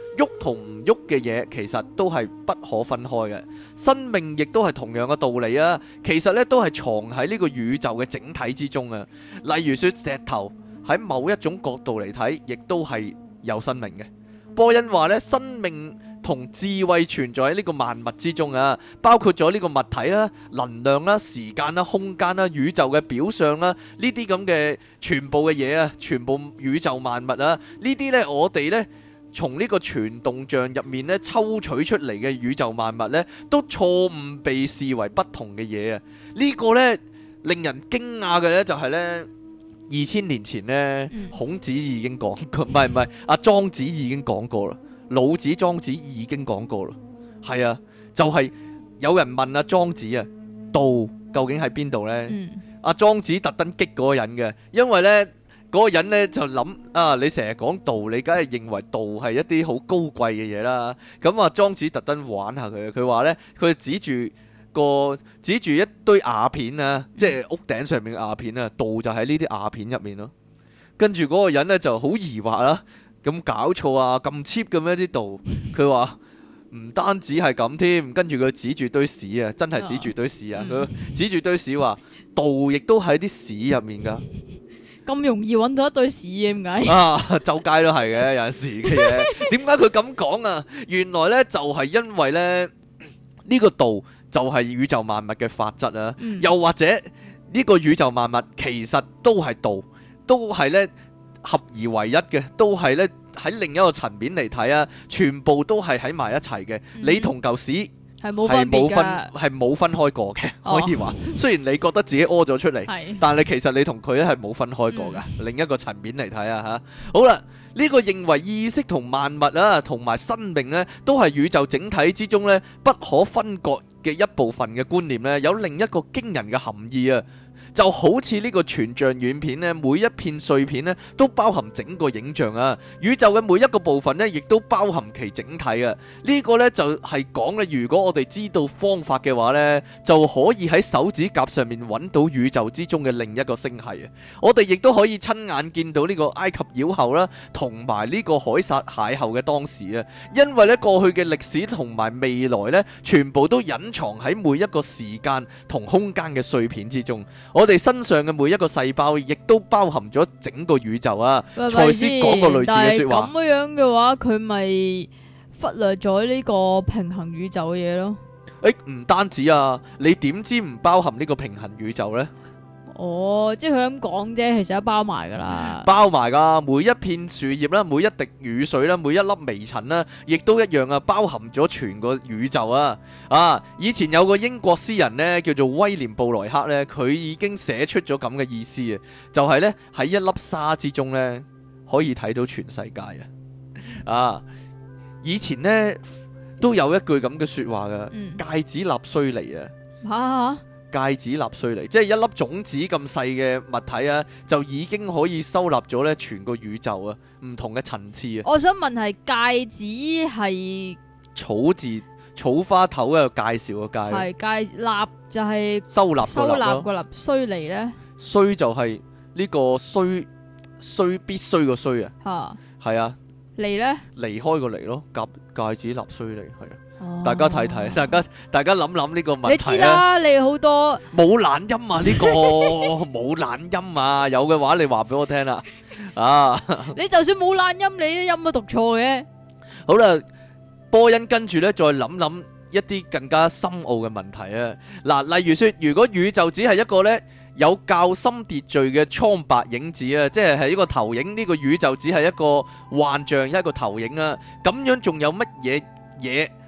喐同唔喐嘅嘢，其實都係不可分開嘅。生命亦都係同樣嘅道理啊！其實咧都係藏喺呢個宇宙嘅整體之中啊。例如說石頭喺某一種角度嚟睇，亦都係有生命嘅。波恩話咧，生命同智慧存在喺呢個萬物之中啊，包括咗呢個物體啦、能量啦、時間啦、空間啦、宇宙嘅表象啦，呢啲咁嘅全部嘅嘢啊，全部宇宙萬物啊，呢啲呢，我哋呢。從呢個全動像入面咧抽取出嚟嘅宇宙萬物咧，都錯誤被視為不同嘅嘢啊！這個、呢個咧令人驚訝嘅咧就係咧，二千年前咧，孔子已經講過，唔係唔係，阿、啊、莊子已經講過啦，老子、莊子已經講過啦，係啊，就係、是、有人問阿、啊、莊子啊，道究竟喺邊度咧？阿莊、 啊、子特登激嗰個人嘅，因為咧。嗰個人咧就諗啊，你成日講道，你梗係認為道係一啲好高貴嘅嘢啦。咁、嗯、啊，莊子特登玩下佢，佢話咧，佢指住個指住一堆瓦片啊，即係屋頂上面瓦片啊，道就喺呢啲瓦片入面咯。跟住嗰個人咧就好疑惑啦，咁搞錯啊，咁 cheap 咁樣啲道？佢話唔單止係咁添，跟住佢指住堆屎啊，真係指住堆屎啊，佢、oh, um. 指住堆屎話道亦都喺啲屎入面噶。咁容易揾到一堆屎嘅，點解？ 啊，周街都係嘅，有陣時嘅嘢。點解佢咁講啊？原來呢就係因為呢，呢個道就係宇宙萬物嘅法則啊。嗯、又或者呢個宇宙萬物其實都係道，都係呢合而為一嘅，都係呢喺另一個層面嚟睇啊，全部都係喺埋一齊嘅。你同嚿屎，係冇分，分，係冇、啊、分開過嘅，可以話。哦、雖然你覺得自己屙咗出嚟， 但係其實你同佢咧係冇分開過嘅。嗯、另一個層面嚟睇啊，嚇。好啦，呢、呢個認為意識同萬物啊，同埋生命咧，都係宇宙整體之中咧不可分割嘅一部分嘅觀念咧，有另一個驚人嘅含義啊！就好似呢個全像軟片呢，每一片碎片呢，都包含整個影像啊！宇宙嘅每一個部分呢，亦都包含其整體啊！呢、這個呢，就係講咧，如果我哋知道方法嘅話呢，就可以喺手指甲上面揾到宇宙之中嘅另一個星系啊！我哋亦都可以親眼見到呢個埃及妖后啦、啊，同埋呢個凱撒邂逅嘅當時啊！因為呢，過去嘅歷史同埋未來呢，全部都隱藏喺每一個時間同空間嘅碎片之中。我哋身上嘅每一個細胞，亦都包含咗整個宇宙啊！賽斯講過類似嘅說話。咁樣嘅話，佢咪忽略咗呢個平衡宇宙嘅嘢咯？誒、欸，唔單止啊，你點知唔包含呢個平衡宇宙呢？哦，即係佢咁講啫，其實都包埋噶啦，包埋噶，每一片樹葉啦，每一滴雨水啦，每一粒微塵啦，亦都一樣啊，包含咗全個宇宙啊！啊，以前有個英國詩人呢，叫做威廉布萊克呢，佢已經寫出咗咁嘅意思啊，就係、是、呢，喺一粒沙之中呢，可以睇到全世界啊！啊，以前呢，都有一句咁嘅說話噶，嗯、芥子納須彌啊！吓、啊。芥子納須嚟，即係一粒種子咁細嘅物體啊，就已經可以收納咗咧全個宇宙啊，唔同嘅層次啊。我想問係芥子係草字草花頭嘅介紹嘅介，介，係芥納，就係、是、收納收納個納須嚟咧，須就係呢個須須必須個須啊，係啊，嚟咧離開個嚟咯，夾芥子納須嚟係。大家睇睇，大家大家諗諗呢個問題啦。你知啦，你好多冇懶音啊，呢個冇懶音啊，有嘅話你話俾我聽啦。啊，你就算冇懶音，你啲音都讀錯嘅。好啦，波恩跟住咧，再諗諗一啲更加深奧嘅問題啊。嗱，例如說，如果宇宙只係一個咧有較深秩序嘅蒼白影子啊，即係係一個投影，呢個宇宙只係一個幻象，一個投影啊。咁樣仲有乜嘢嘢？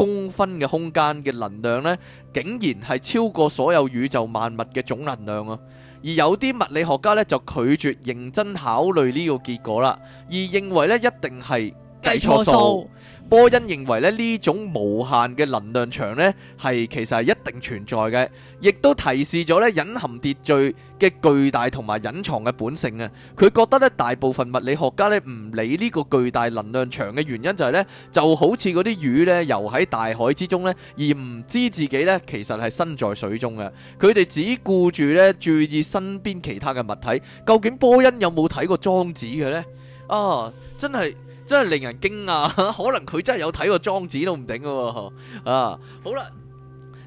公分嘅空間嘅能量呢，竟然係超過所有宇宙萬物嘅總能量啊！而有啲物理學家呢就拒絕認真考慮呢個結果啦，而認為呢一定係計錯數，波恩認為咧呢種無限嘅能量場咧係其實係一定存在嘅，亦都提示咗咧隱含秩序嘅巨大同埋隱藏嘅本性啊！佢覺得咧大部分物理學家咧唔理呢個巨大能量場嘅原因就係，係呢就好似嗰啲魚咧游喺大海之中咧而唔知自己咧其實係身在水中嘅，佢哋只顧住咧注意身邊其他嘅物體。究竟波恩有冇睇過莊子嘅呢？啊，真係！真係令人驚訝，可能佢真係有睇過莊子都唔頂嘅喎。啊，好啦，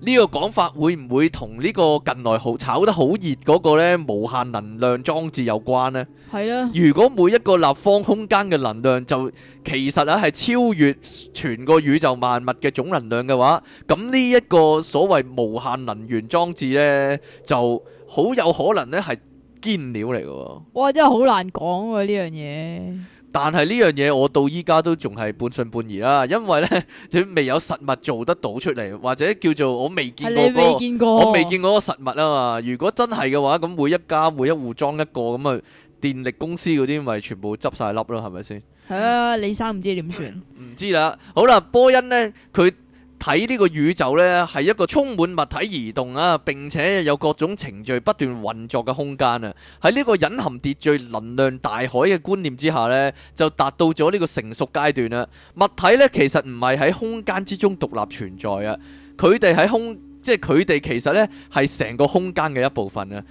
呢個講法會唔會同呢個近來好炒得好熱嗰個咧無限能量裝置有關咧？係啦。如果每一個立方空間嘅能量就其實咧係超越全個宇宙萬物嘅總能量嘅話，咁呢一個所謂無限能源裝置咧就好有可能咧係堅料嚟嘅。哇，真係好難講呢樣嘢。但係呢樣嘢我到依家都仲係半信半疑啦，因為呢，你未有實物做得到出嚟，或者叫做我未見過個，我未見過，見過個實物啊嘛。如果真係嘅話，咁每一家每一戶裝一個咁啊，電力公司嗰啲咪全部執晒笠咯，係咪先？係啊，李生唔知點算？唔知啦。好啦，波恩呢，佢。睇呢個宇宙呢，係一個充滿物體移動啊，並且有各種程序不斷運作嘅空間啊。喺呢個隱含秩序能量大海嘅觀念之下呢，就達到咗呢個成熟階段啦。物體呢，其實唔係喺空間之中獨立存在啊，佢哋喺空，即係佢哋其實呢，係成個空間嘅一部分啊。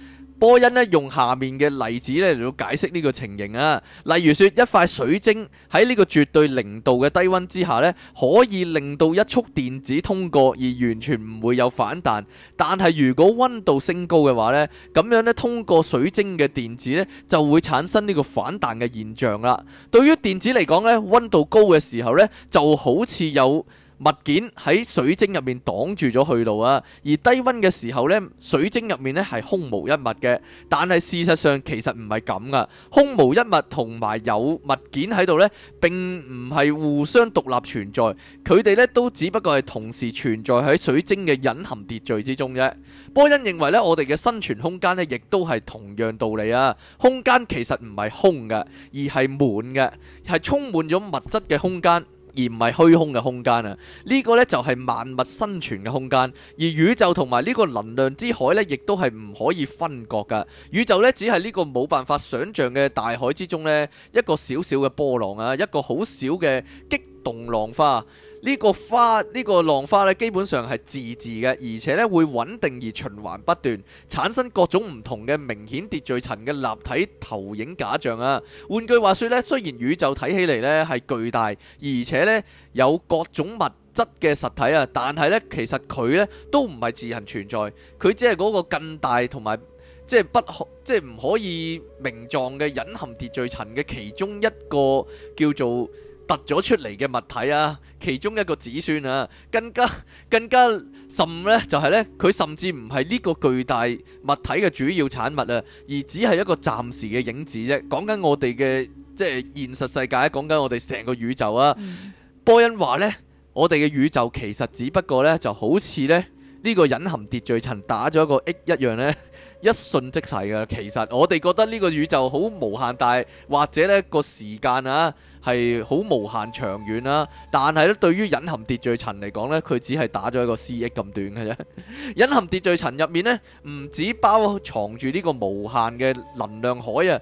波恩咧，用下面嘅例子咧，嚟到解釋呢個情形啊，例如說一塊水晶喺呢個絕對零度嘅低温之下咧，可以令到一束電子通過而完全唔會有反彈。但係如果温度升高嘅話呢，咁樣咧，通過水晶嘅電子呢，就會產生呢個反彈嘅現象啦。對於電子嚟講呢，温度高嘅時候呢，就好似有。物件喺水晶入面擋住咗去路啊！而低溫嘅時候呢，水晶入面呢係空無一物嘅。但係事實上其實唔係咁噶，空無一物同埋有物件喺度呢，並唔係互相獨立存在。佢哋呢都只不過係同時存在喺水晶嘅隱含秩序之中啫。波恩認為呢，我哋嘅生存空間呢亦都係同樣道理啊！空間其實唔係空嘅，而係滿嘅，係充滿咗物質嘅空間。而唔係虛空嘅空間啊！呢個呢就係萬物生存嘅空間，而宇宙同埋呢個能量之海呢，亦都係唔可以分割噶。宇宙呢，只係呢個冇辦法想像嘅大海之中呢，一個小小嘅波浪啊，一個好小嘅激動浪花。呢個花，呢個浪花咧，基本上係自治嘅，而且咧會穩定而循環不斷，產生各種唔同嘅明顯秩序層嘅立體投影假象啊。換句話說咧，雖然宇宙睇起嚟咧係巨大，而且咧有各種物質嘅實體啊，但係咧其實佢咧都唔係自行存在，佢只係嗰個更大同埋即係不可即係唔可以名狀嘅隱含秩序層嘅其中一個叫做凸咗出嚟嘅物體啊，其中一個子孫啊，更加更加甚、就係、呢，就係呢。佢甚至唔係呢個巨大物體嘅主要產物啊，而只係一個暫時嘅影子啫。講緊我哋嘅即係現實世界，講緊我哋成個宇宙啊。 波恩話呢，我哋嘅宇宙其實只不過呢，就好似呢。呢個隱含秩序層打咗一個億一樣呢，一瞬即逝嘅。其實我哋覺得呢個宇宙好無限大，或者呢、這個時間啊係好無限長遠啦、啊。但係咧對於隱含秩序層嚟講呢，佢只係打咗一個絲億咁短嘅啫。隱含秩序層入面呢，唔止包括藏住呢個無限嘅能量海啊！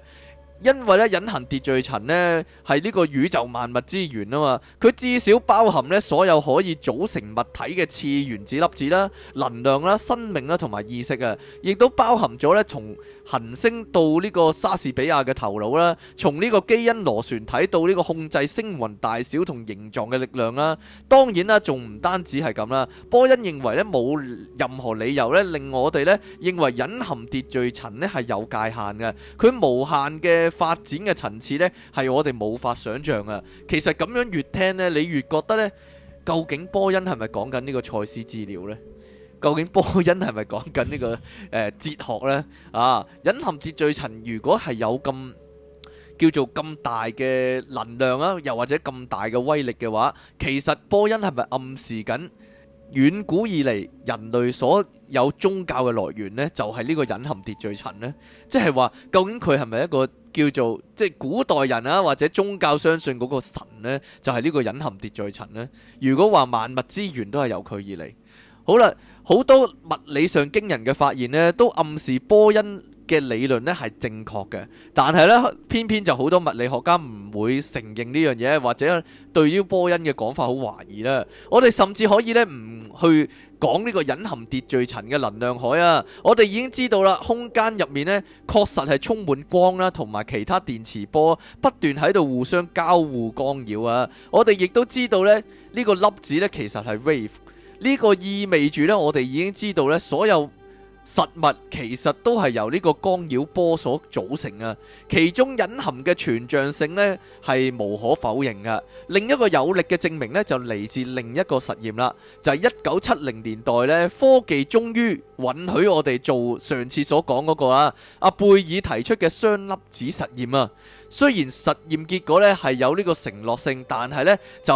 因為咧隱含秩序層咧係呢個宇宙萬物之源啊嘛，佢至少包含咧所有可以組成物體嘅次原子粒子啦、能量啦、生命啦同埋意識啊，亦都包含咗咧從恆星到呢個莎士比亞嘅頭腦啦，從呢個基因螺旋體到呢個控制星雲大小同形狀嘅力量啦，當然啦，仲唔單止係咁啦。波恩認為咧冇任何理由咧令我哋咧認為隱含秩序層咧係有界限嘅，佢無限嘅。發展嘅層次呢，係我哋冇法想象啊！其實咁樣越聽呢，你越覺得呢，究竟波恩係咪講緊呢個賽斯資料呢？究竟波恩係咪講緊、這、呢個、呃、哲學呢？啊，隱含秩序層如果係有咁叫做咁大嘅能量啊，又或者咁大嘅威力嘅話，其實波恩係咪暗示緊遠古以嚟人類所有宗教嘅來源呢，就係、是、呢個隱含秩序層呢，即係話，究竟佢係咪一個？叫做即係古代人啊，或者宗教相信嗰個神呢，就係呢個隱含秩序層呢。如果話萬物之源都係由佢而嚟，好啦，好多物理上驚人嘅發現呢，都暗示波恩。嘅理論咧係正確嘅，但係呢，偏偏就好多物理學家唔會承認呢樣嘢，或者對於波音嘅講法好懷疑啦。我哋甚至可以呢唔去講呢個隱含秩序層嘅能量海啊！我哋已經知道啦，空間入面呢確實係充滿光啦，同埋其他電磁波不斷喺度互相交互干擾啊！我哋亦都知道呢，呢個粒子呢其實係 wave，呢個意味住呢，我哋已經知道呢所有實物其實都係由呢個干擾波所組成啊，其中隱含嘅全像性呢係無可否認噶。另一個有力嘅證明呢，就嚟自另一個實驗啦，就係一九七零年代呢，科技終於允許我哋做上次所講嗰個啊，阿貝爾提出嘅雙粒子實驗啊。雖然實驗結果咧係有呢個承諾性，但係咧就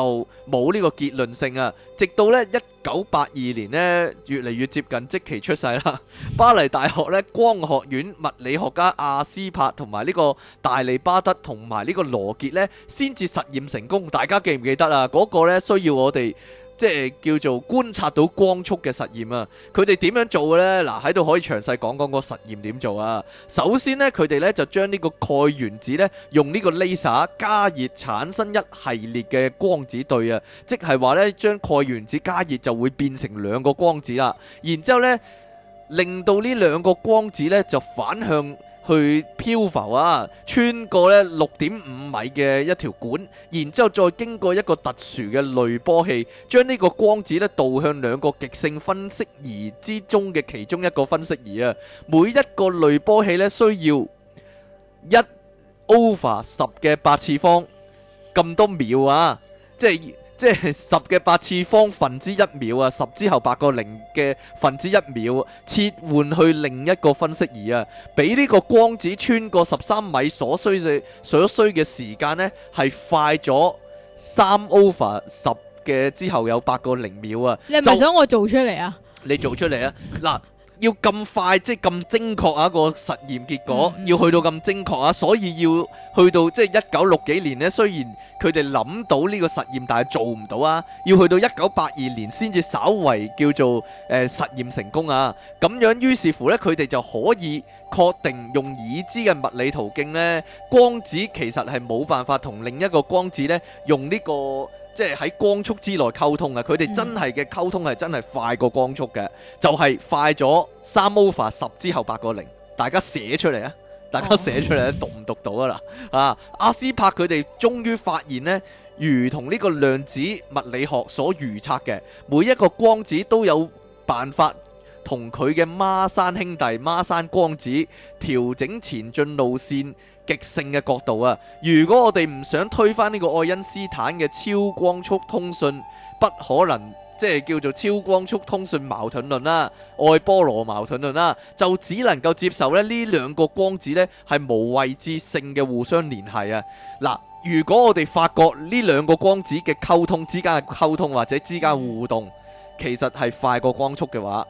冇呢個結論性啊！直到咧一九八二年呢，越嚟越接近即期出世啦。巴黎大學咧光學院物理學家阿斯柏同埋呢個大利巴德同埋呢個羅傑呢，先至實驗成功。大家記唔記得啊？嗰個咧需要我哋。即係叫做觀察到光速嘅實驗啊！佢哋點樣做嘅呢？嗱，喺度可以詳細講講個實驗點做啊！首先呢，佢哋呢就將呢個鈣原子呢，用呢個 laser 加熱產生一系列嘅光子對啊！即係話呢將鈣原子加熱就會變成兩個光子啦。然之後呢，令到呢兩個光子呢就反向，去漂浮啊！穿過咧六點五米嘅一條管，然之後再經過一個特殊嘅濾波器，將呢個光子咧導向兩個極性分析儀之中嘅其中一個分析儀啊！每一個濾波器咧需要一 over 十嘅八次方咁多秒啊！即係。即係十嘅八次方分之一秒啊，十之後八個零嘅分之一秒，切換去另一個分析儀啊，比呢個光子穿過十三米所需嘅所需嘅時間呢，係快咗三 over 十嘅之後有八個零秒啊！你係咪想我做出嚟啊？你做出嚟啊！嗱。 要咁快即係咁精確啊，個實驗結果要去到咁精確啊，所以要去到即係一九六幾年呢，雖然佢哋諗到呢個實驗，但係做唔到啊，要去到一九八二年先至稍微叫做誒、呃、實驗成功啊，咁樣於是乎呢，佢哋就可以確定用已知嘅物理途徑呢，光子其實係冇辦法同另一個光子呢用呢個。即係喺光速之內溝通啊！佢哋真係嘅溝通係真係快過光速嘅，就係、是、快咗三 over 十之後八個零。大家寫出嚟啊！大家寫出嚟咧，讀唔讀到啊啦？ 啊！阿斯柏，佢哋終於發現呢，如同呢個量子物理學所預測嘅，每一個光子都有辦法同佢嘅孖山兄弟孖山光子調整前進路線。極性嘅角度啊！如果我哋唔想推翻呢個愛因斯坦嘅超光速通訊不可能，即係叫做超光速通訊矛盾論啦、啊，愛波羅矛盾論啦、啊，就只能夠接受呢呢兩個光子呢係無位置性嘅互相聯繫啊！嗱，如果我哋發覺呢兩個光子嘅溝通之間嘅溝通或者之間互動其實係快過光速嘅話，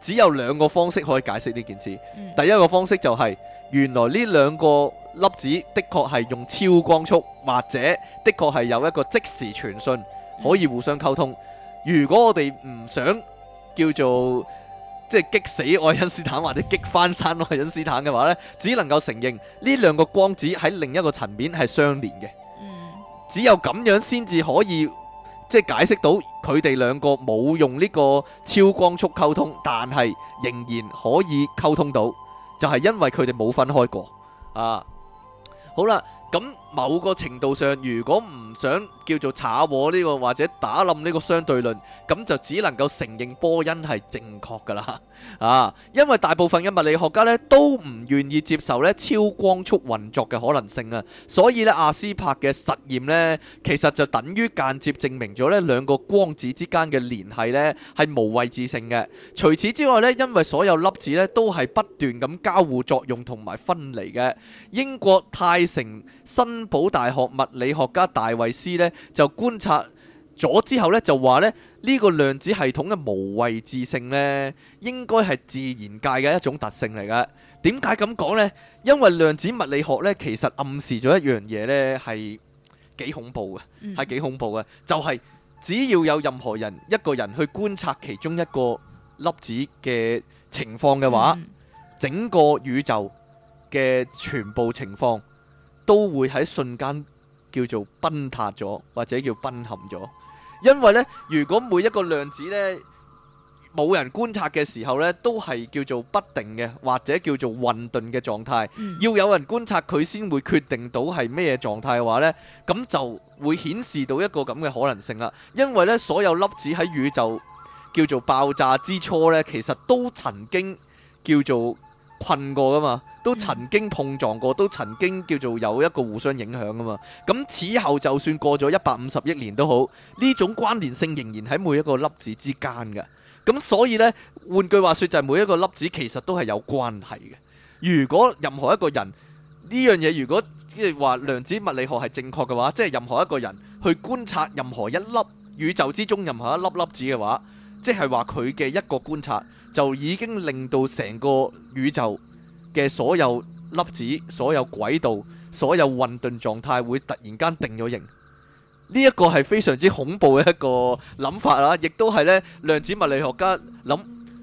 只有兩個方式可以解釋呢件事。嗯、第一個方式就係、是、原來呢兩個粒子的確係用超光速，或者的確係有一個即時傳訊可以互相溝通。如果我哋唔想叫做即係激死愛因斯坦或者激翻生愛因斯坦嘅話咧，只能夠承認呢兩個光子喺另一個層面係相連嘅。只有咁樣先至可以即係解釋到佢哋兩個冇用呢個超光速溝通，但係仍然可以溝通到，就係因為佢哋冇分開過啊。好啦，咁。某個程度上，如果唔想叫做炒和呢個或者打冧呢個相對論，咁就只能夠承認波恩係正確噶啦啊因為大部分嘅物理學家咧都唔願意接受咧超光速運作嘅可能性啊，所以咧阿斯帕嘅實驗咧其實就等於間接證明咗咧兩個光子之間嘅聯繫咧係無位置性嘅。除此之外咧，因為所有粒子咧都係不斷咁交互作用同埋分離嘅，英國泰城新保大學物理學家大衛斯呢就觀察咗之後呢就話呢呢個量子系統嘅無位置性呢應該係自然界嘅一種特性嚟噶。點解咁講呢？因為量子物理學呢其實暗示咗一樣嘢呢係幾恐怖嘅，係幾恐怖嘅。就係只要有任何人一個人去觀察其中一個粒子嘅情況嘅話，整個宇宙嘅全部情況。都會喺瞬間叫做崩塌咗，或者叫崩陷咗。因為呢，如果每一個量子呢，冇人觀察嘅時候呢，都係叫做不定嘅，或者叫做混沌嘅狀態。嗯、要有人觀察佢，先會決定到係咩狀態嘅話呢，咁就會顯示到一個咁嘅可能性啦。因為呢，所有粒子喺宇宙叫做爆炸之初呢，其實都曾經叫做困過噶嘛。都曾經碰撞過，都曾經叫做有一個互相影響㗎嘛。咁此後就算過咗一百五十億年都好，呢種關聯性仍然喺每一個粒子之間嘅。咁所以呢，換句話說就係每一個粒子其實都係有關係嘅。如果任何一個人呢樣嘢，如果即係話量子物理學係正確嘅話，即係任何一個人去觀察任何一粒宇宙之中任何一粒粒子嘅話，即係話佢嘅一個觀察就已經令到成個宇宙嘅所有粒子、所有軌道、所有混沌狀態會突然間定咗形，呢一個係非常之恐怖嘅一個諗法啊！亦都係咧，量子物理學家諗，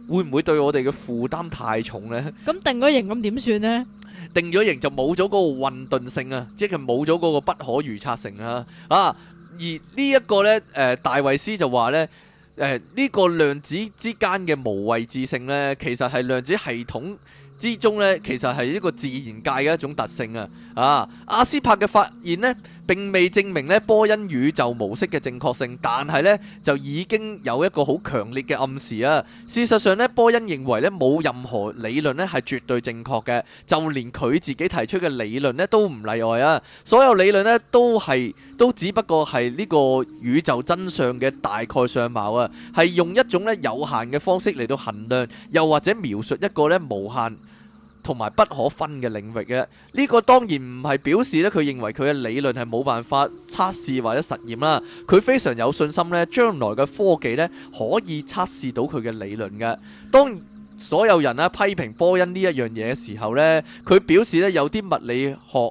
會唔會對我哋嘅負擔太重咧？咁定咗形咁點算咧？定咗形就冇咗嗰個混沌性啊，即係冇咗嗰個不可預測性啊！啊，而呢一個咧，誒，大衛斯就話咧，誒，呢個量子之間嘅無位置性咧，其實係量子系統。之中咧，其實係一個自然界嘅一種特性啊！啊，阿斯帕嘅發現咧。並未證明咧波恩宇宙模式嘅正確性，但係咧就已經有一個好強烈嘅暗示啊！事實上咧，波恩認為咧冇任何理論咧係絕對正確嘅，就連佢自己提出嘅理論咧都唔例外啊！所有理論咧都係都只不過係呢個宇宙真相嘅大概相貌啊，係用一種咧有限嘅方式嚟到衡量，又或者描述一個咧無限同埋不可分嘅領域嘅，呢個當然唔係表示咧佢認為佢嘅理論係冇辦法測試或者實驗啦。佢非常有信心咧，將來嘅科技咧可以測試到佢嘅理論嘅。當所有人咧批評波恩呢一樣嘢嘅時候呢，佢表示咧有啲物理學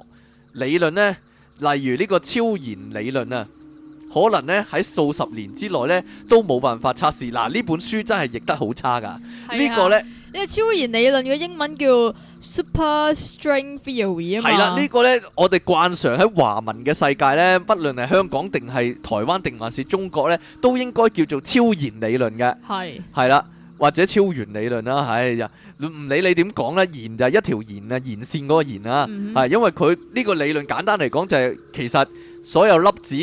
理論呢，例如呢個超然理論啊。可能咧喺數十年之內咧都冇辦法測試。嗱，呢本書真係譯得好差噶呢個咧，呢個超弦理論嘅英文叫 Super String Theory 啊。係啦，呢個咧我哋慣常喺華文嘅世界咧，不論係香港定係台灣定還是中國咧，都應該叫做超弦理論嘅。係係啦，或者超弦理論啦，係呀，唔理你點講咧，弦就係一條弦啊，弦線嗰個弦啊，係因為佢呢個理論簡單嚟講就係其實所有粒子。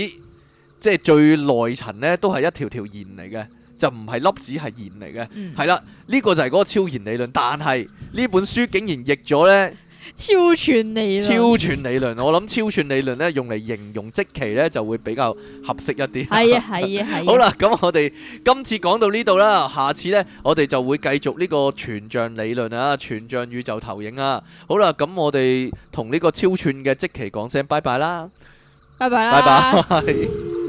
即係最內層咧，都係一條條弦嚟嘅，就唔係粒子，係弦嚟嘅，係啦、嗯。呢、呢個就係嗰個超弦理論。但係呢本書竟然譯咗咧，超串理論，超串理論。我諗超串理論咧，用嚟形容即期咧，就會比較合適一啲。係 啊，係啊，係、啊嗯。好啦，咁我哋今次講到呢度啦，下次咧，我哋就會繼續呢個全像理論啊，全像宇宙投影啊。好啦，咁我哋同呢個超串嘅即期講聲拜拜啦，拜拜啦，拜拜。